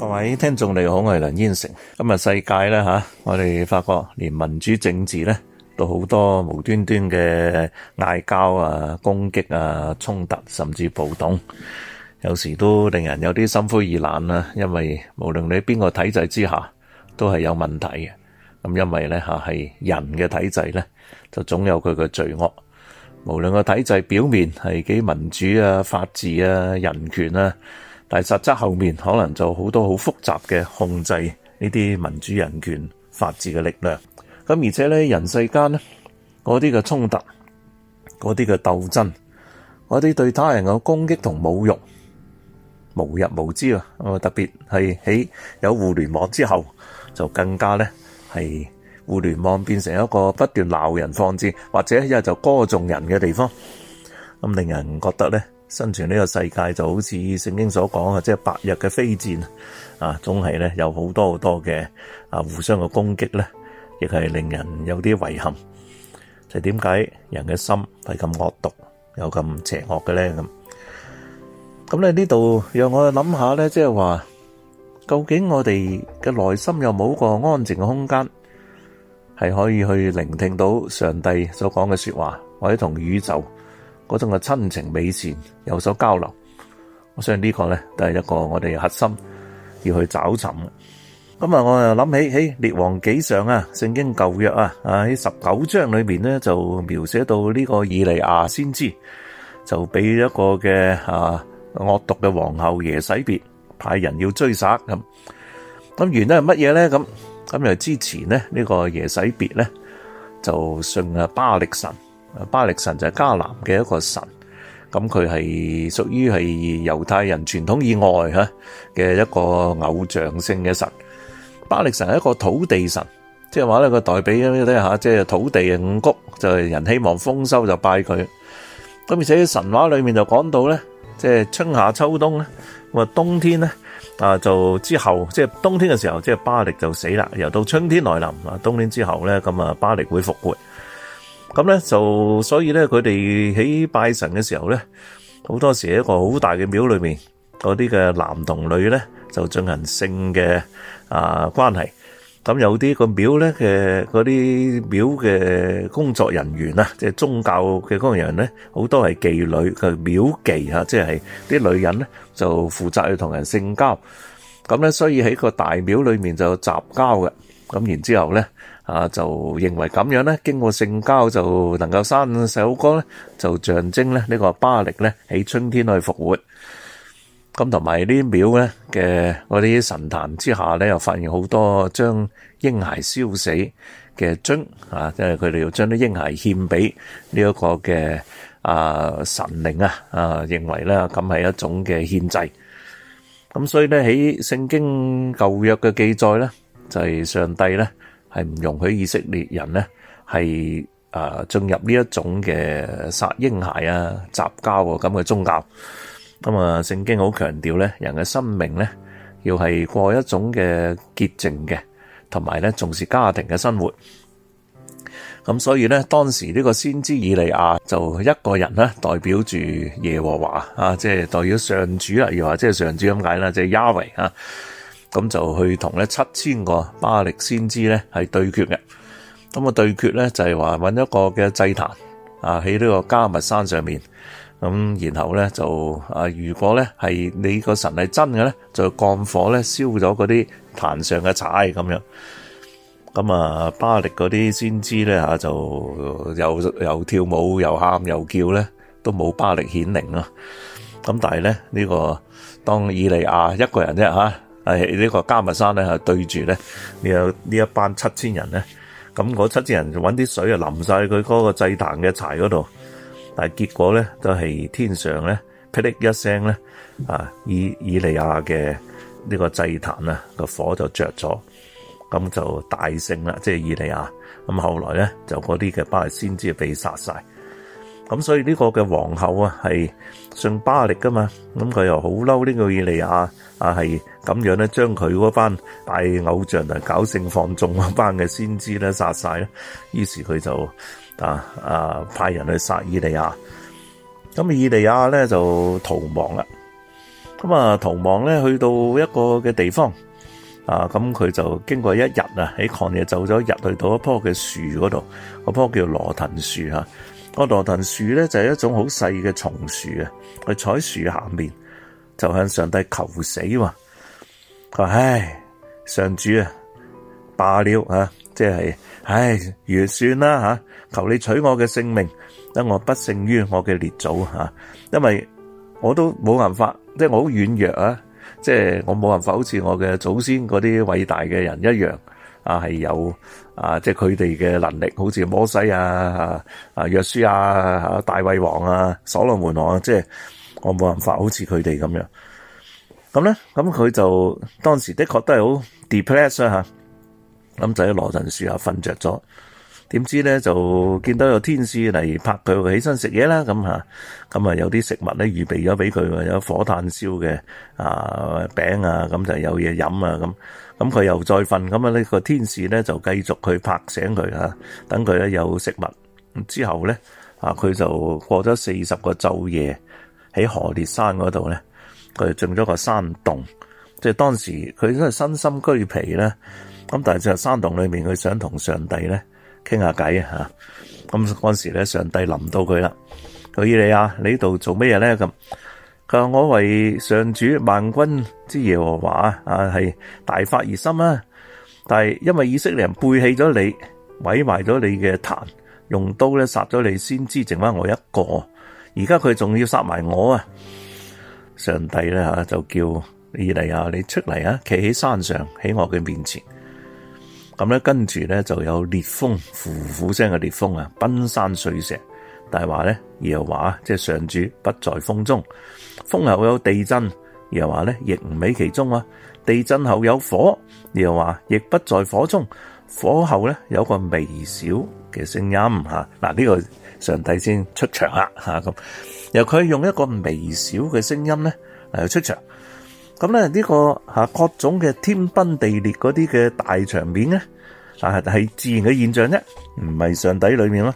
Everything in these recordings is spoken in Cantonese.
各位聽眾你好，我係梁燕成。今日世界咧吓，我哋發覺連民主政治咧，都好多無端端嘅嗌交啊、攻擊啊、衝突，甚至暴動，有時都令人有啲心灰意冷啊。因為無論你邊個體制之下，都係有問題嘅。咁因為咧吓，係人嘅體制咧，就總有佢嘅罪惡。無論個體制表面係幾民主啊、法治啊、人權啊。但實質後面可能就好多好複雜嘅控制呢啲民主、人權、法治嘅力量。咁而且咧，人世間咧嗰啲嘅衝突、嗰啲嘅鬥爭、嗰啲對他人嘅攻擊同侮辱，無日無之啊！特別係喺有互聯網之後，就更加咧係互聯網變成一個不斷鬧人放箭，或者一日就歌頌人嘅地方，咁令人覺得咧。生存呢個世界就好似聖經所講嘅，即係白日嘅飛戰啊，總係咧有好多好多嘅啊互相嘅攻擊咧，亦係令人有啲遺憾。就點解人嘅心係咁惡毒，又咁邪惡嘅咧咁？咁咧呢度讓我諗下咧，即係話究竟我哋嘅內心有冇個安靜嘅空間，係可以去聆聽到上帝所講嘅說話，或者同宇宙？嗰種嘅親情美善有所交流，我相信呢個咧都係一個我哋核心要去找尋嘅。咁啊，我又諗起喺《列王紀上》啊，《聖經舊約》啊，啊喺十九章裏邊咧就描寫到呢個以利亞先知就俾一個嘅啊惡毒嘅皇后耶洗別派人要追殺咁。咁原因係乜嘢咧？咁咁又之前咧呢個耶洗別咧就信啊巴力神。巴力神就係迦南嘅一個神，咁佢係屬於係猶太人傳統以外吓嘅一個偶像性嘅神。巴力神係一個土地神，即係話咧佢代表咧吓，即係土地五穀，就係人希望豐收就拜佢。咁而且神話裏面就講到咧，即係春夏秋冬咧，咁啊冬天咧啊就之後，即係冬天嘅時候，即係巴力就死啦。由到春天來臨啊，冬天之後咧咁啊巴力會復活。咁咧就所以咧，佢哋喺拜神嘅時候咧，好多時喺一個好大嘅廟裏面，嗰啲嘅男同女咧就進行性嘅啊關係。咁有啲個廟咧嘅嗰啲廟嘅工作人員啊，即係宗教嘅工作人員咧，好多係妓女嘅廟妓嚇，即係啲女人咧就負責去同人性交。咁咧，所以喺個大廟裏面就雜交嘅。咁然之後咧，啊就認為咁樣咧，經過性交就能夠生細佬哥咧，就象徵咧呢個巴力咧喺春天去復活。咁同埋啲廟咧嘅嗰啲神壇之下咧，又發現好多將嬰孩燒死嘅樽啊，即係佢哋要將啲嬰孩獻俾呢一個嘅啊神靈啊，啊認為咧咁係一種嘅獻祭。咁所以咧喺聖經舊約嘅記載咧。就係上帝咧，係唔容許以色列人呢，係誒進入呢一種嘅殺嬰孩啊、雜交啊咁嘅宗教。咁、嗯、啊，聖經好強調咧，人嘅生命咧要係過一種嘅潔淨嘅，同埋咧重視家庭嘅生活。咁、嗯、所以咧，當時呢個先知以利亞就一個人咧代表住耶和華啊，即係代表上主啦，又話即係上主咁解啦，即係亞維啊。咁就去同呢七千個巴力先知呢係對決嘅，咁、那、啊、個、對決呢，就係話揾一個嘅祭壇啊喺呢個迦密山上面，咁然後呢，就啊如果呢係你個神係真嘅呢，就降火呢，燒咗嗰啲壇上嘅柴咁樣，咁啊巴力嗰啲先知呢，吓就又又跳舞又喊又叫呢，都冇巴力顯靈啦。咁但係呢，呢、這個當以利亞一個人啫吓。啊係呢個迦密山咧，對住咧，呢有呢一班七千人咧，咁嗰七千人就揾啲水啊淋晒佢嗰個祭壇嘅柴嗰度，但係結果咧都係天上咧霹靂一聲咧，啊以以利亞嘅呢個祭壇啊個火就着咗，咁就大勝啦，即係以利亞，咁後來咧就嗰啲嘅巴力先知被殺晒。咁所以呢個嘅皇后啊，係信巴力噶嘛，咁佢又好嬲呢個以利亞啊，係咁樣咧，將佢嗰班大偶像啊，搞性放縱嗰班嘅先知咧，殺晒啦。於是佢就啊啊派人去殺以利亞。咁以利亞咧就逃亡啦。咁啊逃亡咧去到一個嘅地方啊，咁、啊、佢就經過一日啊，喺曠野走咗入去到一樖嘅樹嗰度，嗰樖叫羅騰樹吓。個羅騰樹咧就係一種好細嘅松樹啊，佢坐喺樹下面就向上帝求死，佢話唉，上主啊，罷了啊，即係唉，完算啦吓，求你取我嘅性命，等我不勝於我嘅列祖吓啊，因為我都冇辦法，即係我好軟弱啊，即係我冇辦法好似我嘅祖先嗰啲偉大嘅人一樣。啊，係有啊，即係佢哋嘅能力，好似摩西啊、啊，啊約書亞、啊啊、大衛王啊、所羅門王啊，即係我冇辦法，好似佢哋咁樣。咁咧，咁佢就當時的確都係好 depressed 啊吓，咁就喺羅騰樹下瞓着咗。點知咧就見到有天使嚟拍佢起身食嘢啦，咁嚇咁啊，有啲食物咧預備咗俾佢，有火炭燒嘅啊餅啊，咁就有嘢飲啊咁。咁佢又再瞓，咁啊呢個天使咧就繼續去拍醒佢嚇，等佢咧有食物。之後咧啊，佢就過咗四十個晝夜喺何烈山嗰度咧，佢進咗個山洞，即係當時佢都係身心俱疲啦。咁但係就係山洞裏面佢想同上帝咧。傾下偈吓，咁嗰時咧，上帝臨到佢啦，佢，以利亞，你呢度做咩嘢咧？咁佢話，我為上主萬軍之耶和華啊，係大發熱心啊，但係因為以色列人背棄咗你，毀埋咗你嘅壇，用刀咧殺咗你先知，剩翻我一個，而家佢仲要殺埋我啊！上帝咧吓就叫以利亞，你出嚟啊，企喺山上，喺我嘅面前。咁咧，跟住咧就有烈風，呼呼聲嘅烈風啊，崩山碎石。但係話咧，又話即係上主不在風中，風後有地震，又話咧亦唔喺其中啊。地震後有火，又話亦不在火中，火後咧有個微小嘅聲音吓。嗱，呢個上帝先出場啦吓咁，佢用一個微小嘅聲音咧嚟出場。咁咧，呢個吓各種嘅天崩地裂嗰啲嘅大場面咧，啊係係自然嘅現象啫，唔係上帝裏面咯。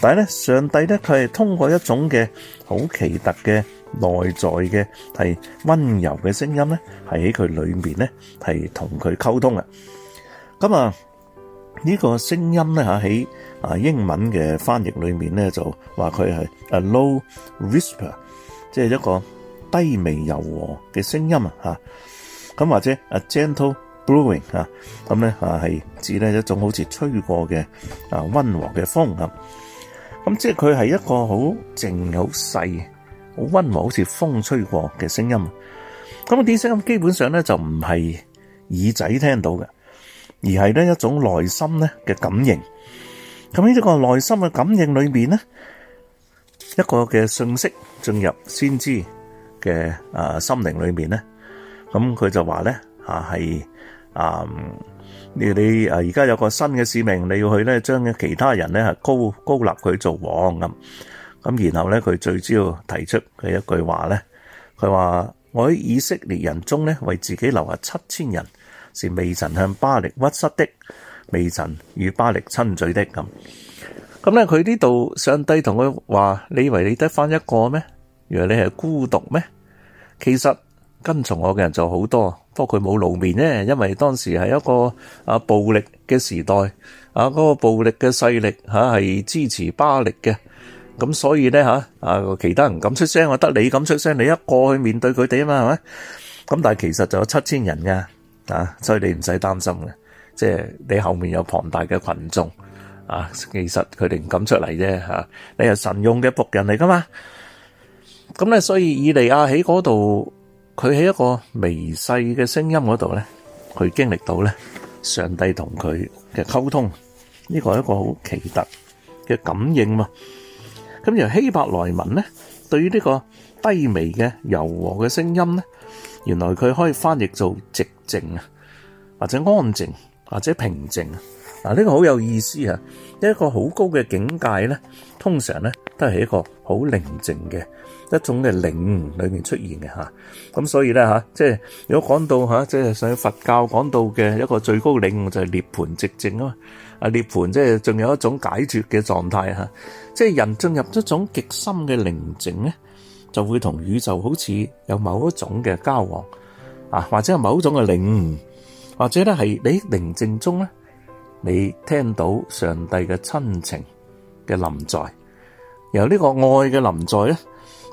但係咧上帝咧佢係通過一種嘅好奇特嘅內在嘅係温柔嘅聲音咧，係喺佢裏面咧係同佢溝通啊。咁啊呢個聲音咧吓喺啊英文嘅翻譯裏面咧就話佢係 A low whisper，即係一個。低微柔和嘅聲音啊，吓咁或者、A、gentle blowing 啊，咁咧啊係指咧一種好似吹過嘅啊温和嘅風咁，咁、啊、即係佢係一個好靜、好細、好温和，好似風吹過嘅聲音。咁、啊、啲聲音基本上咧就唔係耳仔聽到嘅，而係呢一種內心咧嘅感應。咁呢一個內心嘅感應裏面呢，呢一個嘅信息進入先知。嘅啊，心靈裏面咧，咁佢就話咧啊，係啊，你你啊，而家有個新嘅使命，你要去咧，將其他人咧係高高立佢做王咁，咁然後咧佢最主要提出佢一句話咧，佢話我喺以色列人中咧為自己留下七千人，是未曾向巴力屈膝的，未曾與巴力親嘴的咁，咁咧佢呢度上帝同佢話，你以為你得返一個咩？原來你係孤獨咩？其實跟從我嘅人就好多，不過佢冇露面咧，因為當時係一個啊暴力嘅時代，啊嗰個暴力嘅勢力吓係支持巴力嘅，咁所以咧吓啊其他人唔敢出聲，我得你敢出聲，你一個去面對佢哋啊嘛，係咪？咁但係其實就有七千人噶，啊，所以你唔使擔心嘅，即係你後面有龐大嘅群眾，啊，其實佢哋唔敢出嚟啫，吓，你係神用嘅僕人嚟噶嘛。咁咧，所以以利亞喺嗰度，佢喺一個微細嘅聲音嗰度咧，佢經歷到咧上帝同佢嘅溝通呢個係一個好奇特嘅感應嘛。咁由希伯來文咧，對於呢個低微嘅柔和嘅聲音咧，原來佢可以翻譯做寂靜啊，或者安靜，或者平靜啊。嗱，呢個好有意思啊。一個好高嘅境界咧，通常咧都係一個好寧靜嘅。一種嘅靈裏面出現嘅嚇，咁所以咧嚇、啊，即係如果講到嚇、啊，即係上佛教講到嘅一個最高靈就係、是、涅槃寂靜啊嘛。啊，涅槃即係仲有一種解脫嘅狀態嚇，即係人進入一種極深嘅寧靜咧，就會同宇宙好似有某一種嘅交往啊，或者有某一種嘅靈，或者咧係你喺寧靜中咧，你聽到上帝嘅親情嘅臨在，由呢個愛嘅臨在咧。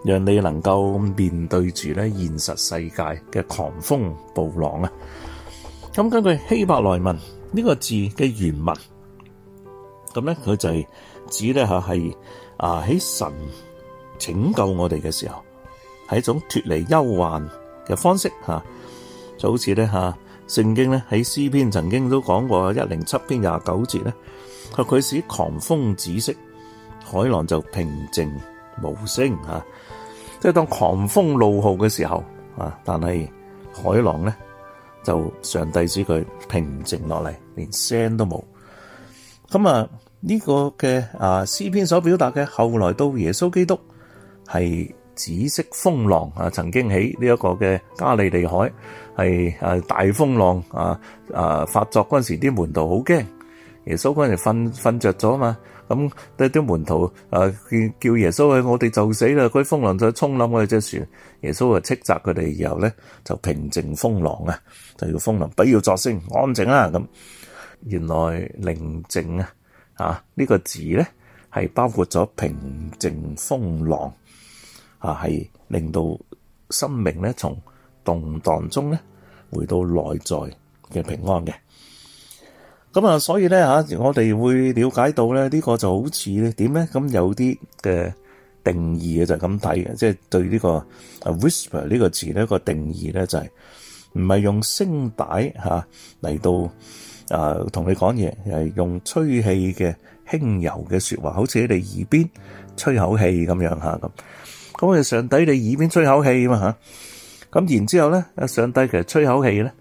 讓你能夠面對住咧現實世界嘅狂風暴浪啊！咁根據希伯來文呢個字嘅原文，咁咧佢就係指咧嚇係啊喺神拯救我哋嘅時候，係一種脫離憂患嘅方式嚇，就好似咧嚇聖經咧喺詩篇曾經都講過一零七篇廿九節咧，佢佢使狂風止息，海浪就平靜無聲嚇。即係當狂風怒號嘅時候啊，但係海浪咧就上帝使佢平靜落嚟，連聲都冇。咁啊呢、這個嘅啊詩篇所表達嘅，後來到耶穌基督係紫色風浪啊，曾經起呢一個嘅加利利海係誒大風浪啊啊發作嗰陣時啲門徒好驚。耶穌嗰陣時瞓瞓著咗嘛，咁啲啲門徒啊叫叫耶穌去，我哋就死啦！佢風浪就沖冧我哋隻船，耶穌啊斥責佢哋，然後咧就平靜風浪啊，就要風浪不要作聲，安靜啊咁。原來寧靜啊，呢、啊呢個字咧係包括咗平靜風浪啊，係令到生命咧從動盪中咧回到內在嘅平安嘅。咁啊，所以咧嚇我哋會了解到咧，呢、呢個就好似咧點咧，咁有啲嘅定義嘅就係咁睇嘅，即、就、係、是、對呢個 whisper 呢個詞咧個定義咧就係唔係用聲帶吓嚟到啊同你講嘢，係用吹氣嘅輕柔嘅說話，好似喺你耳邊吹口氣咁樣嚇咁。咁啊，上帝喺你耳邊吹口氣嘛嚇。咁然之後咧，啊上帝其實吹口氣咧。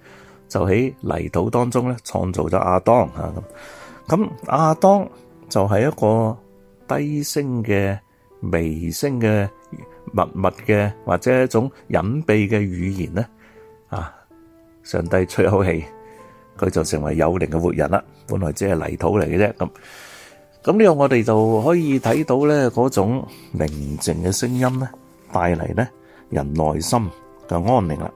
就喺泥土當中咧，創造咗亞當吓咁。咁、啊、亞、啊、當就係一個低聲嘅微聲嘅密密嘅或者一種隱秘嘅語言咧。啊，上帝吹口氣，佢就成為有靈嘅活人啦。本來只係泥土嚟嘅啫。咁咁呢個我哋就可以睇到咧嗰種寧靜嘅聲音咧，帶嚟咧人內心嘅安寧啦。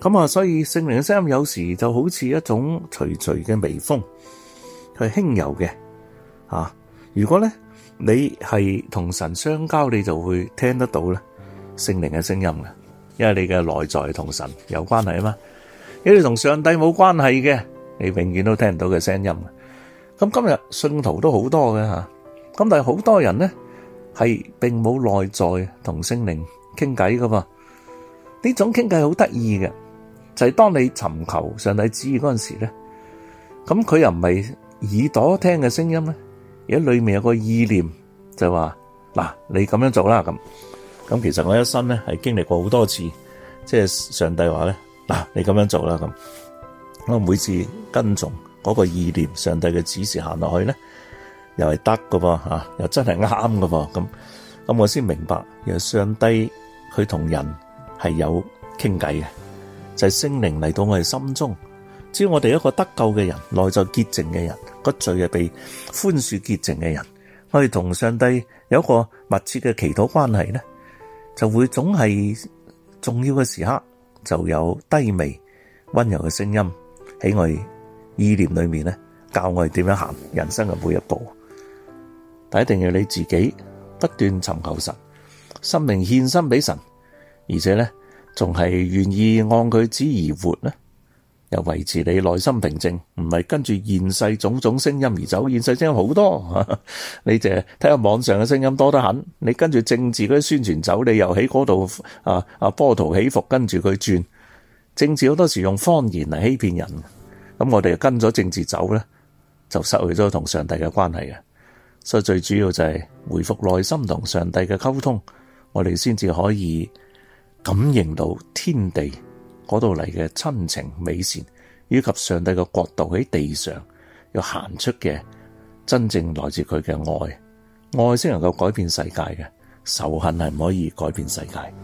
咁啊，所以聖靈嘅聲音有時就好似一種徐徐嘅微風，佢輕柔嘅。如果咧你係同神相交，你就會聽得到咧聖靈嘅聲音嘅，因為你嘅內在同神有關係啊嘛。因為你如果你同上帝冇關係嘅，你永遠都聽唔到嘅聲音。咁今日信徒都好多嘅吓，咁、啊、但係好多人咧係並冇內在同聖靈傾偈噶嘛，呢種傾偈好得意嘅。就係當你尋求上帝旨意嗰陣時咧，咁佢又唔係耳朵聽嘅聲音咧，而喺裏面有個意念就係話，嗱你咁樣做啦咁，咁其實我一生咧係經歷過好多次，即係上帝話咧，嗱你咁樣做啦咁，我每次跟從嗰個意念，上帝嘅指示行落去咧，又係得噶噃吓，又真係啱噶噃，咁咁我先明白，其實上帝佢同人係有傾偈嘅。就係聖靈嚟到我哋心中，只要我哋一個得救嘅人，內在潔淨嘅人，個罪係被寬恕潔淨嘅人，我哋同上帝有一個密切嘅祈禱關係咧，就會總係重要嘅時刻就有低微溫柔嘅聲音喺我哋意念裏面咧，教我哋點樣行人生嘅每一步。但係一定要你自己不斷尋求神，生命獻身俾神，而且咧。仲係願意按佢旨而活呢，又維持你內心平靜，唔係跟住現世種種聲音而走。現世聲音好多，哈哈，你就睇下網上嘅聲音多得很。你跟住政治嗰啲宣傳走，你又喺嗰度啊啊波濤起伏，跟住佢轉。政治好多時候用謊言嚟欺騙人，咁我哋跟咗政治走呢，就失去咗同上帝嘅關係嘅。所以最主要就係回復內心同上帝嘅溝通，我哋先至可以。感應到天地嗰度嚟嘅親情美善，以及上帝嘅國度喺地上要行出嘅真正來自佢嘅愛，愛先能夠改變世界，嘅仇恨係唔可以改變世界。